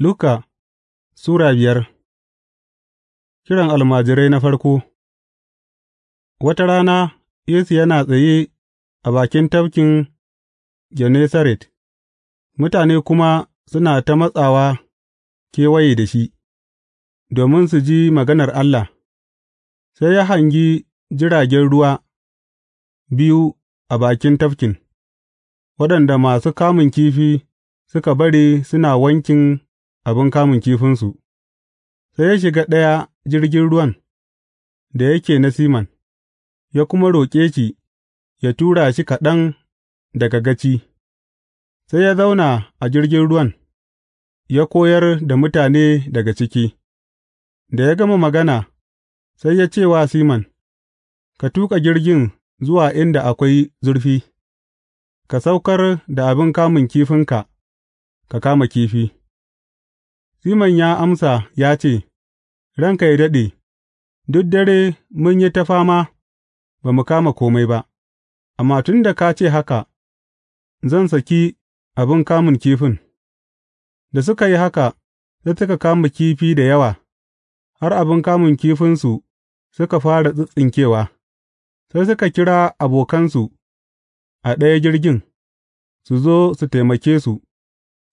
Luka Sura biyar Kiran almajirai na farko Wata rana Yesu yana tsaye a bakin tafkin Genesaret, mutane kuma suna ta matsawa kewaye da shi, domin su ji maganar Allah, sai ya hangi jiragen ruwa biyu a bakin tafkin, waɗanda masu kamun kifi suka bare suna wankin abin kamun kifinsu, sai ya shiga ɗaya jirgin ruwan da yake na Siman, ya kuma roƙe shi ya tura shi kaɗan daga gaci, sai ya zauna a jirgin ruwan, ya koyar da mutane daga ciki, da ya gama magana, sai ya ce wa Siman, Ka tuƙa jirgin zuwa inda akwai zurfi, ka saukar da abin kamun kifinka, ka kama kifi. Siman ya amsa ya ce, Ranka yă daɗe, duk dare mun yi ta fama ba mu kama kome ba, amma tun da ka ce haka, zan saki abin kamun kifin, da suka yi haka, sai suka kama kifi da yawa, har abin kamun kifinsu suka fara tsintsinkewa, sai suka kira abokansu a ɗaya jirgin, su zo su taimake su,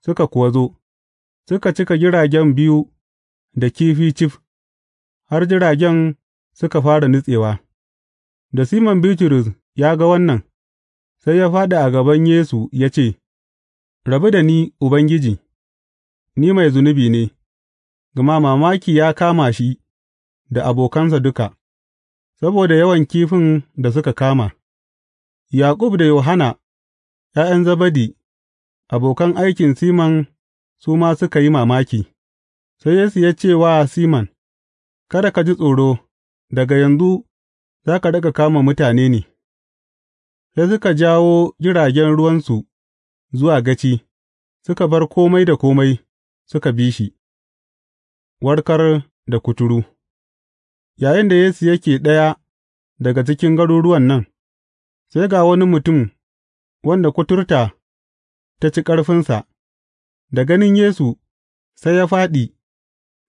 suka kuwa zo. suka cika jiragen biyu da kifi cif, har jiragen suka fara nutsewa. Da Siman Bitrus ya ga wannan, sai ya fāɗi a gaban Yesu ya ce, Rabu da ni, Ubangiji, ni mai zunubi ne, gama mamaki ya kama shi da abokansa duka, saboda yawan kifin da suka kama. Yaƙub da Yohana ’ya'yan Zabadi, abokan aikin Siman su ma suka yi mamaki, sai Yesu ya ce wa Siman, Kada ka ji tsoro, daga yanzu za ka daga kama mutane ne, sai suka jawo jiragen ruwansu zuwa gaci, suka bar komai da komai suka bi shi, warkar da kuturu. yayin ya Yesu yake ɗaya daga cikin garuruwan nan, sai ga wani mutum wanda kuturta ta ci ƙarfinsa. Da ganin Yesu, sai ya fāɗi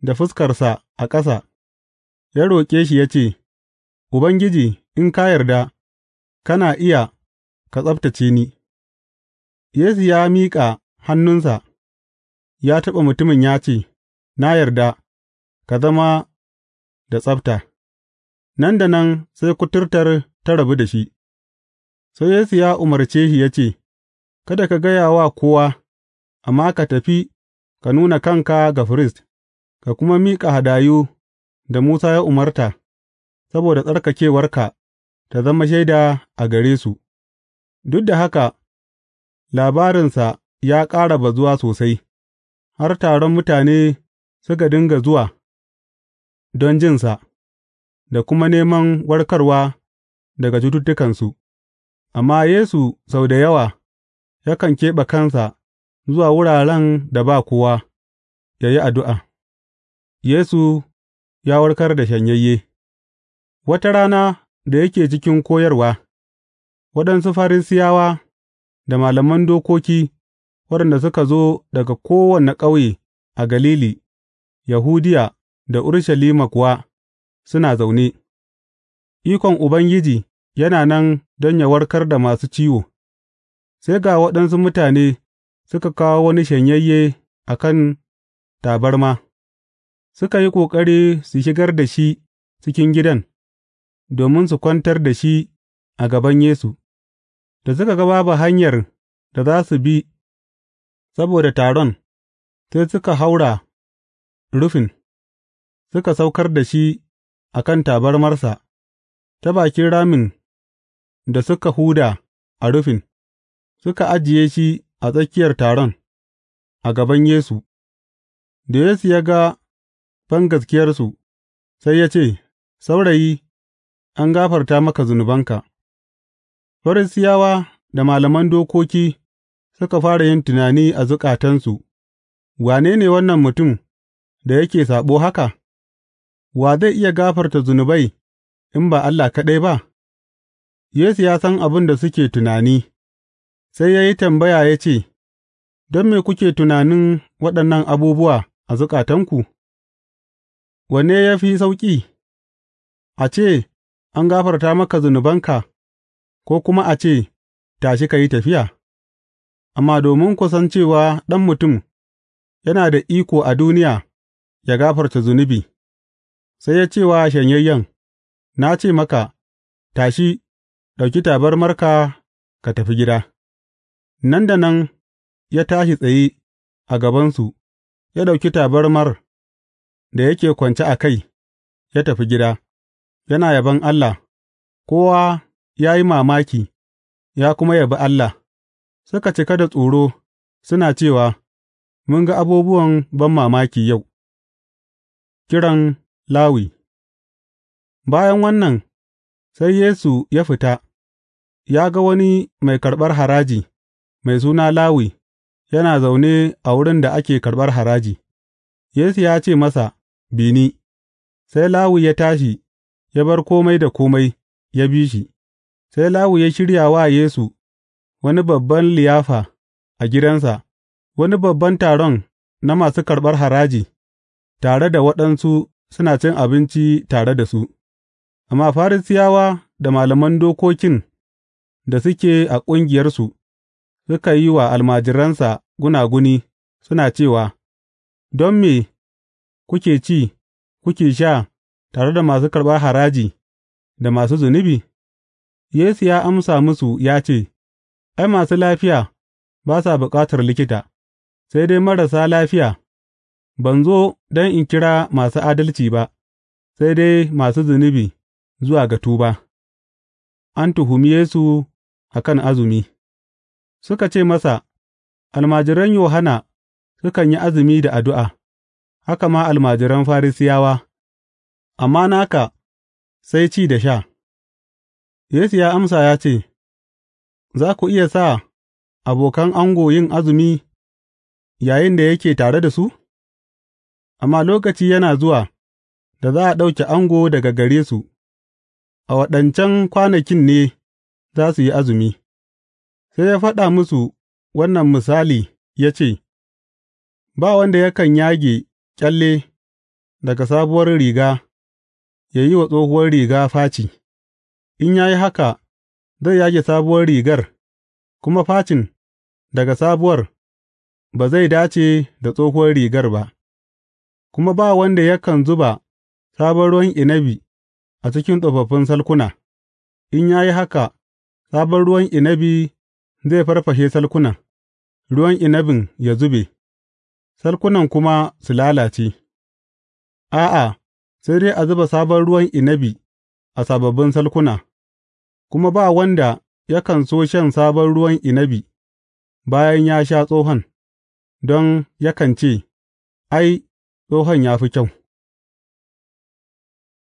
da fuskarsa a ƙasa, ya roƙe shi ya ce, Ubangiji, in ka yarda, kana iya ka tsabtace ni. Yesu ya miƙa hannunsa, ya taɓa mutumin ya ce, Na yarda, ka zama da tsabta. Nan da nan sai kuturtar ta rabu da shi, sai Yesu ya umarce shi ya ce, Kada ka gaya wa kowa. amma ka tafi ka nuna kanka ga firist, ka kuma miƙa hadayu da Musa ya umarta, saboda tsarkakewarka ta zama shaida a gare su, duk da haka labarinsa ya ƙara bazuwa sosai, har taron mutane suka dinga zuwa don jinsa, da kuma neman warkarwa daga cututtukansu, amma Yesu sau da yawa yakan keɓe kansa. zuwa wuraren da ba kowa, ya yi addu'a. Yesu ya warkar da shanyayye Wata rana da yake cikin koyarwa, waɗansu Farisiyawa da malaman dokoki waɗanda suka zo daga kowane ƙauye a Galili, Yahudiya da Urushalima kuwa suna zaune, ikon Ubangiji yana nan don yă warkar da masu ciwo, sai ga waɗansu mutane suka kawo wani shanyayye a kan tabarma, suka yi ƙoƙari su shigar da shi cikin gidan, domin su kwantar da shi a gaban Yesu, da suka ga babu hanyar da za su bi saboda taron, sai suka haura rufin, suka saukar da shi a kan tabarmarsa ta bakin ramin da suka huda a rufin, suka ajiye shi a tsakiyar taron, a gaban Yesu, da Yesu ya ga bangaskiyarsu, sai ya ce, Saurayi, an gafarta maka zunubanka. Farisiyawa da malaman dokoki suka fara yin tunani a zukatansu, Wane ne wannan mutum da yake saɓo haka? Wa zai iya gafarta zunubai in ba Allah kaɗai ba? Yesu ya san abin da suke tunani. sai ya yi tambaya ya ce, Don me kuke tunanin waɗannan abubuwa a zukatanku? Wanne ya fi sauƙi, a ce, An gafarta maka zunubanka, ko kuma a ce, Tashi ka yi tafiya? Amma domin ku san cewa Ɗan Mutum yana da iko a duniya ya gafarta zunubi, sai ya cewa shanyayyen, Na ce maka, Tashi, ɗauki tabarmarka ka tafi gida. Nan da nan ya tashi tsaye a gabansu, ya ɗauki tabarmar da yake kwance a kai, ya tafi gida, yana yabon Allah, kowa ya yi mamaki ya kuma yabi Allah, suka cika da tsoro, suna cewa, Mun ga abubuwan ban mamaki yau. Kiran Lawi Bayan wannan, sai Yesu ya fita, ya ga wani mai karɓar haraji. mai suna Lawi yana zaune a wurin da ake karɓar haraji, Yesu ya ce masa, Bi ni, sai Lawi ya tashi, ya bar komai da komai ya bi shi, sai Lawi ya shirya wa Yesu wani babban liyafa a gidansa, wani babban taron na masu karɓar haraji, tare da waɗansu suna cin abinci tare da su, amma Farisiyawa da malaman dokokin da suke a ƙungiyarsu suka yi wa almajiransa gunaguni, suna cewa, Don me kuke ci, kuke sha tare da masu karɓar haraji da masu zunubi? Yesu ya amsa musu ya ce, Ai, masu lafiya ba sa bukatar likita, sai dai marasa lafiya, ban zo don in kira masu adalci ba, sai dai masu zunubi zuwa ga tuba. An tuhumi Yesu a kan azumi. Suka ce masa, Almajiran Yohanna sukan yi azumi da addu'a, haka ma almajiran Farisiyawa, amma naka sai ci da sha. Yesu ya amsa ya ce, Za ku iya sa abokan ango yin azumi yayin da yake tare da su? Amma lokaci yana zuwa da za a ɗauke ango daga gare su, a waɗancan kwanakin ne za su yi azumi. Sai ya faɗa musu wannan misali ya ce, Ba wanda yakan yage ƙyalle daga sabuwar riga ya yi wa tsohuwar riga faci, in ya yi haka, zai yage sabuwar rigar, kuma facin daga sabuwar ba zai dace da tsohuwar rigar ba, kuma ba wanda yakan zuba sabon ruwan inabi a cikin tsofaffin salkuna, in ya yi haka, sabon ruwan inabi zai farfashe salkunan, ruwan inabin ya zube, salkunan kuma su lalace, a'a, sai dai a zuba sabon ruwan inabi a sababbin salkuna, kuma ba wanda yakan so shan sabon ruwan inabi bayan ya sha tsohon, don yakan ce, Ai, tsohon ya fi kyau.